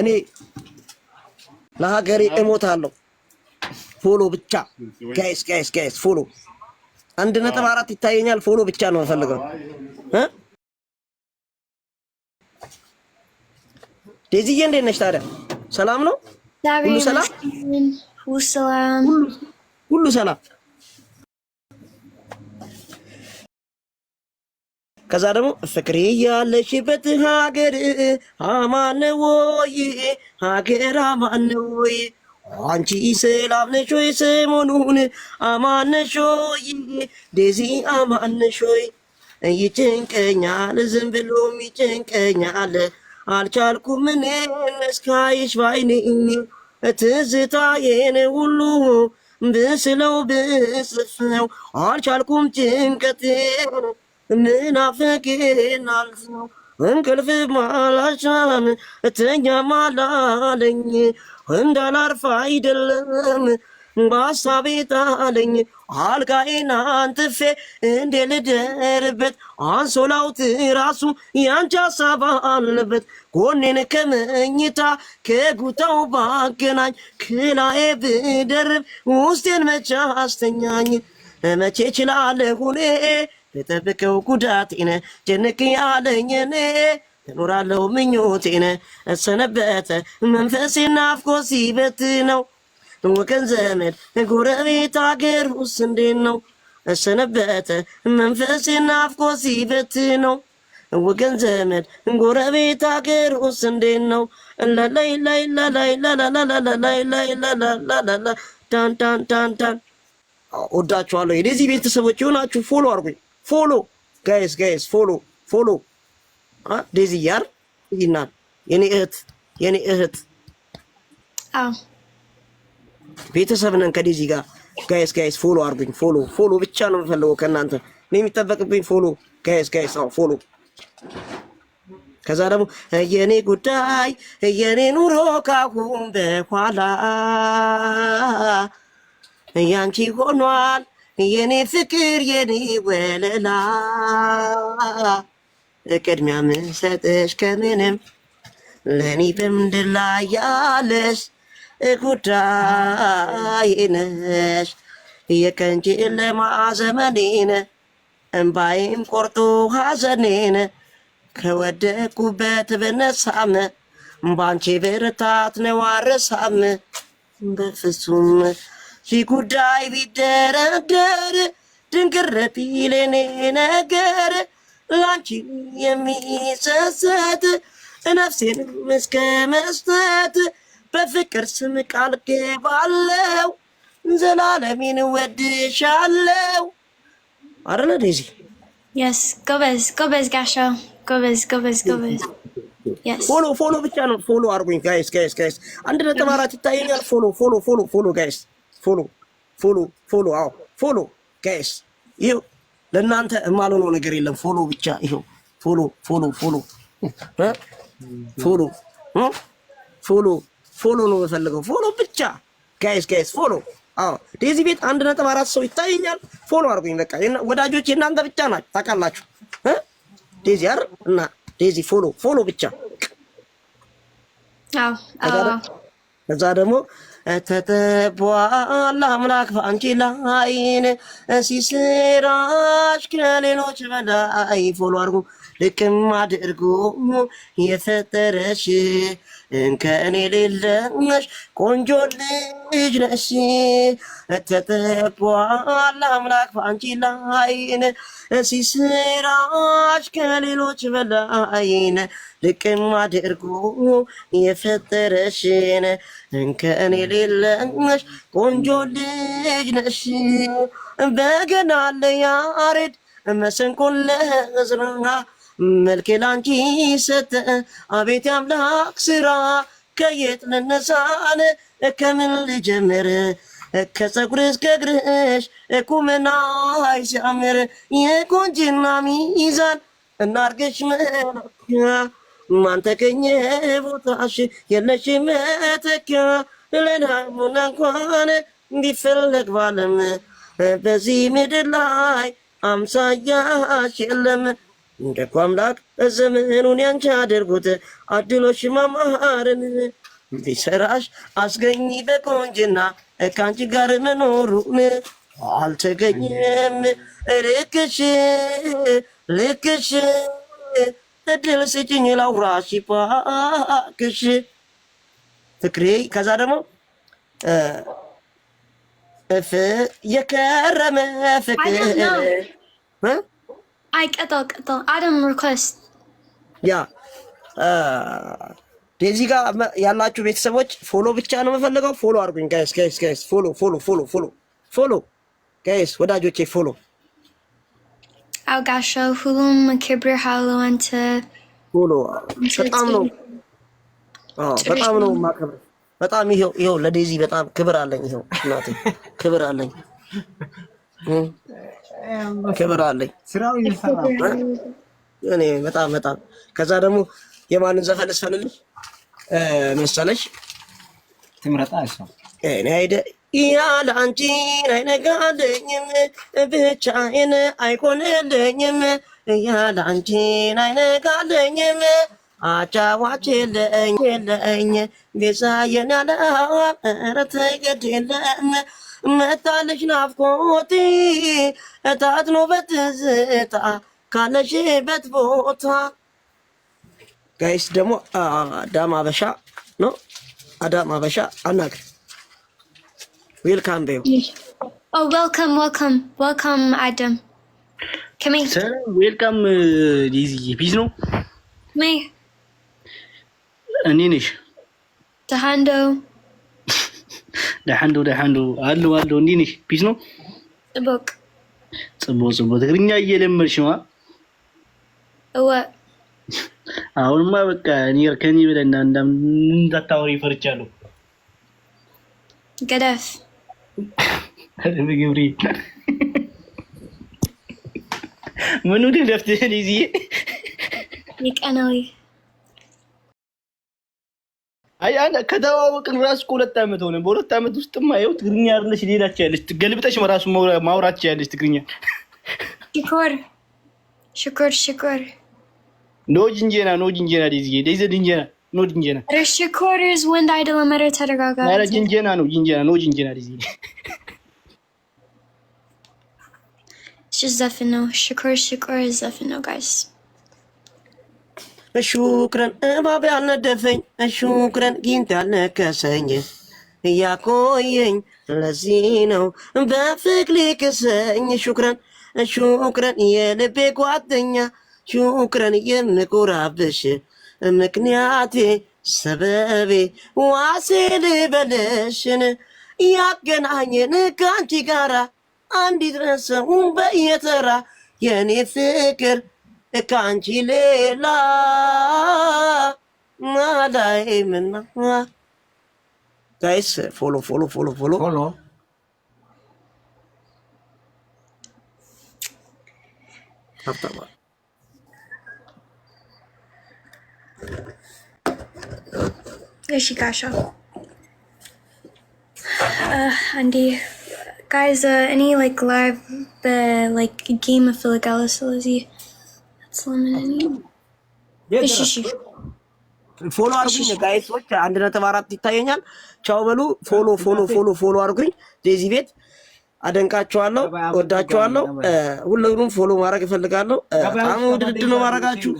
እኔ ለሀገሬ እሞታለሁ። ፎሎ ብቻ ጋይስ፣ ጋይስ፣ ጋይስ ፎሎ አንድ ነጥብ አራት ይታየኛል። ፎሎ ብቻ ነው የምፈልገው። ዴዚዬ እንዴት ነሽ ታዲያ? ሰላም ነው ሁሉ ሰላም ሁሉ ሰላም ከዛ ደግሞ ፍቅሬ ያለሽበት ሀገር አማን ወይ ሀገር አማን ወይ አንቺ ሰላም ነሽ ወይ? ሰሞኑን አማን አማነሾይ ዴዚ አማነሾይ ይጭንቀኛል፣ ዝም ብሎም ይጭንቀኛል። አልቻልኩም እኔ እስካይሽ ባይኔ ትዝታዬን ሁሉ ብስለው ብስፍነው አልቻልኩም ጭንቀቴን ምናፍቄናል እንቅልፍ ማላሻም እተኛ ማላለኝ እንዳላርፍ አይደለም በሀሳቤ ጣለኝ አልጋዬን አንጥፌ እንዴ ልደርበት አንሶላው ትራሱ ያንቺ ሀሳብ አለበት ጎኔን ከመኝታ ከጉታው ባገናኝ ክላዬ ብደርብ ውስጤን መቻ አስተኛኝ መቼ ችላለሁ እኔ ልጠብቀው ጉዳቴነ ጀንክ ያለኝ እኔ እኖራለሁ ምኞቴነ እሰነበተ መንፈሴና አፍቆ ሲበት ነው ወገን ዘመድ ጎረቤት አገር ውስጥ እንዴት ነው እሰነበተ መንፈሴና አፍቆ ሲበት ነው ወገን ዘመድ ጎረቤት አገር ውስጥ እንዴት ነው ላላይ ላይ ላላይ ላላላላላላይ ላይ ላላላላላ ዳን ዳን ዳን ዳን ወዳችኋለሁ። የዚህ ቤተሰቦች የሆናችሁ ፎሎ አርጉኝ። ፎሎ ጋይስ ጋይስ ፎሎ ፎሎ ዴዚ ያር ይና የኔ እህት የኔ እህት አዎ ቤተሰብ ነን ከዴዚ ጋር ጋይስ ጋይስ ፎሎ አርጉኝ። ፎሎ ፎሎ ብቻ ነው የምፈልገው ከእናንተ ነው የሚጠበቅብኝ። ፎሎ ጋይስ ጋይስ አዎ ፎሎ ከዛ ደግሞ የኔ ጉዳይ የኔ ኑሮ ካሁን በኋላ ያንቺ ሆኗል የኔ ፍቅር የኔ ወለላ ቅድሚያ ምንሰጥሽ ከምንም ለእኔ በምድር ላይ ያለሽ ጉዳይ ነሽ። ለማዘመኔነ ጨለማ እምባይም ቆርጦ ሐዘኔን ከወደቁበት ብነሳም ባንቺ ብርታት ነዋረሳም አረሳም በፍጹም ሺ ጉዳይ ቢደረደር ድንግር ቢል ነገር ላንቺ የሚሰሰት ነፍሴን እስከ መስጠት በፍቅር ስም ቃል ገባለው ዘላለሚን ወድሻለው። አረለ ዴዚ የስ ጎበዝ ጎበዝ ጋሻው ጎበዝ ጎበዝ ጎበዝ። ፎሎ ፎሎ ብቻ ነው ፎሎ አርጉኝ ጋይስ ጋይስ ጋይስ። አንድ ነጥብ አራት ይታየኛል። ፎሎ ፎሎ ፎሎ ፎሎ ጋይስ ፎሎ ፎሎ ፎሎ። አዎ ፎሎ ጋይስ፣ ይኸው ለእናንተ የማልሆነው ነገር የለም። ፎሎ ብቻ ይኸው ፎሎ ፎሎ ፎሎ ፎሎ ፎሎ ፎሎ ነው የምፈልገው። ፎሎ ብቻ ጋይስ፣ ጋይስ ፎሎ። አዎ ዴዚ ቤት አንድ ነጥብ አራት ሰው ይታየኛል። ፎሎ አድርጉኝ። በቃ ወዳጆች የእናንተ ብቻ ናችሁ፣ ታውቃላችሁ። ዴዚ አር እና ዴዚ ፎሎ ፎሎ ብቻ ከዛ ደግሞ ተጠቧል አምላክ በአንቺ ላይን ሲስራሽ ከሌሎች በላይ ፎሎ አድርጉ ልቅም አድርጉ የፈጠረሽ እንከን የሌለሽ ቆንጆ ልጅ ነሽ። ተተኳል አምላክ በአንቺ ላይን ሲስራሽ ከሌሎች በላይን ልቅም አድርጎ የፈጠረሽን እንከን የሌለሽ ቆንጆ ልጅ ነሽ። በገና ለያሬድ መሰንቆን ለዝራ መልኬ ላንቺ ሰተ አቤት አምላክ ስራ ከየት ልነሳን ከምን ልጀምር ከፀጉር እስከ እግርሽ ቁመናሽ ሲያምር የቁንጅና ሚዛን እናርግሽ መለኪያ ማንተገኘ ቦታሽ የለሽ መተኪያ ለናሙና እንኳን ቢፈለግ ባለም በዚህ ምድር ላይ አምሳያሽ የለም። እንደኳ አምላክ ዘመኑን ያንቺ አድርጉት አድሎሽ ማማሃርን ቢሰራሽ አስገኝ በቆንጅና ከአንቺ ጋር መኖሩን አልተገኘም ልክሽ ልክሽ እድል ስጭኝ ላውራሽ ባክሽ ፍቅሬ ከዛ ደግሞ እፍ የከረመ ፍቅር አይቀጠው ቀጠው አደም ሪኩዌስት ያ ዴዚ ጋር ያላችሁ ቤተሰቦች ፎሎ ብቻ ነው የምፈልገው። ፎሎ አድርጉኝ ጋይስ ጋይስ ጋይስ ፎሎ ፎሎ ፎሎ ፎሎ ፎሎ ጋይስ ወዳጆቼ ፎሎ አውጋሸው ሁሉም ክብር ሃሎ አንተ ፎሎ በጣም ነው በጣም ነው ማከብር በጣም ይሄው ይሄው ለዴዚ በጣም ክብር አለኝ። ይሄው እናቴ ክብር አለኝ። ክብር አለኝ። እኔ በጣም በጣም ከዛ ደግሞ የማንን ዘፈን ልስፈልልሽ መሰለሽ? ትምረጣ አይሰው እኔ አይደ ያለ አንቺ አይነጋለኝም፣ ብቻዬን አይሆንልኝም። ያለ አንቺ አይነጋለኝም፣ አጫዋች የለኝ የለኝ ቤዛዬን ያለ ኧረ ተገድ የለም መታለሽ ናፍቆቴ እታትኖ በትዝታ ካለሽበት ቦታ ጋይስ ደግሞ አዳም አበሻ ነው። አዳም አበሻ አናግር ዌልካም በዩ ዌልካም ዌልካም ዌልካም አዳም ዌልካም ዲዚ ቢዝ ነው እኔ ነሽ ተሃንዶ ደሓንዶ ደሓንዶ አሉ አሉ እንዴት ነሽ? ፒስ ነው ጽቡቅ ጽቡቅ ጽቡቅ። ትግርኛ እየለመድሽ ነዋ። እወ አሁንማ በቃ እኔ እርከኒ ብለና እንዳታወሪ ፈርቻለሁ። ገዳፍ ግብሪ ምኑ ደፍትህን ይዝዬ ይቀናዊ ከተዋወቅን ራሱ እኮ ሁለት ዓመት ሆነ። በሁለት ዓመት ውስጥ ማየው ትግርኛ አይደለሽ ሌላች ያለች ገልብጠሽ ራሱ ማውራት ያለች ትግርኛ ሽኮር ሽኮር ሽኮር ኖጅ እንጀና ኖጅ እንጀና ዴዝዬ ዴዘ ድንጀና ኖ ጅንጀና ሽኮርዝ ወንድ አይደለመረ ተደጋጋሚ ኧረ ጅንጀና ነው ጅንጀና ኖጅ እንጀና ዴዝዬ ዘፍን ነው ሽኮር ሽኮር ዘፍ ነው ጋይስ እሹክረን እባብ ያልነደፈኝ ሹክረን ጊንት ያልነከሰኝ እያቆየኝ ለዚህ ነው በፍቅር ክሰኝ ሹክረን ሹክረን የልቤ ጓደኛ ሹክረን የምኮራብሽ ምክንያቴ ሰበቤ ዋሴ ልበለሽን ያገናኘን ከአንቺ ጋራ አንዲት ረሰውን በየተራ የኔ ፍቅር Can Guys, কাঞ্চি লে guys follow follow follow follow follow Yes, uh, Andy, guys, uh, any like live, uh, like game of Philagalis, Lizzie? ፎሎ አርጉኝ። ጋይሶች አንድ ነጥብ አራት ይታየኛል። ቻው በሉ። ፎሎ ፎሎ ፎሎ ፎሎ አርጉኝ። ዴዚ ቤት አደንቃቸዋለሁ፣ ወዳቸዋለሁ። ሁሉንም ፎሎ ማድረግ እፈልጋለሁ። አሁን ድድድ ነው ማድረጋችሁ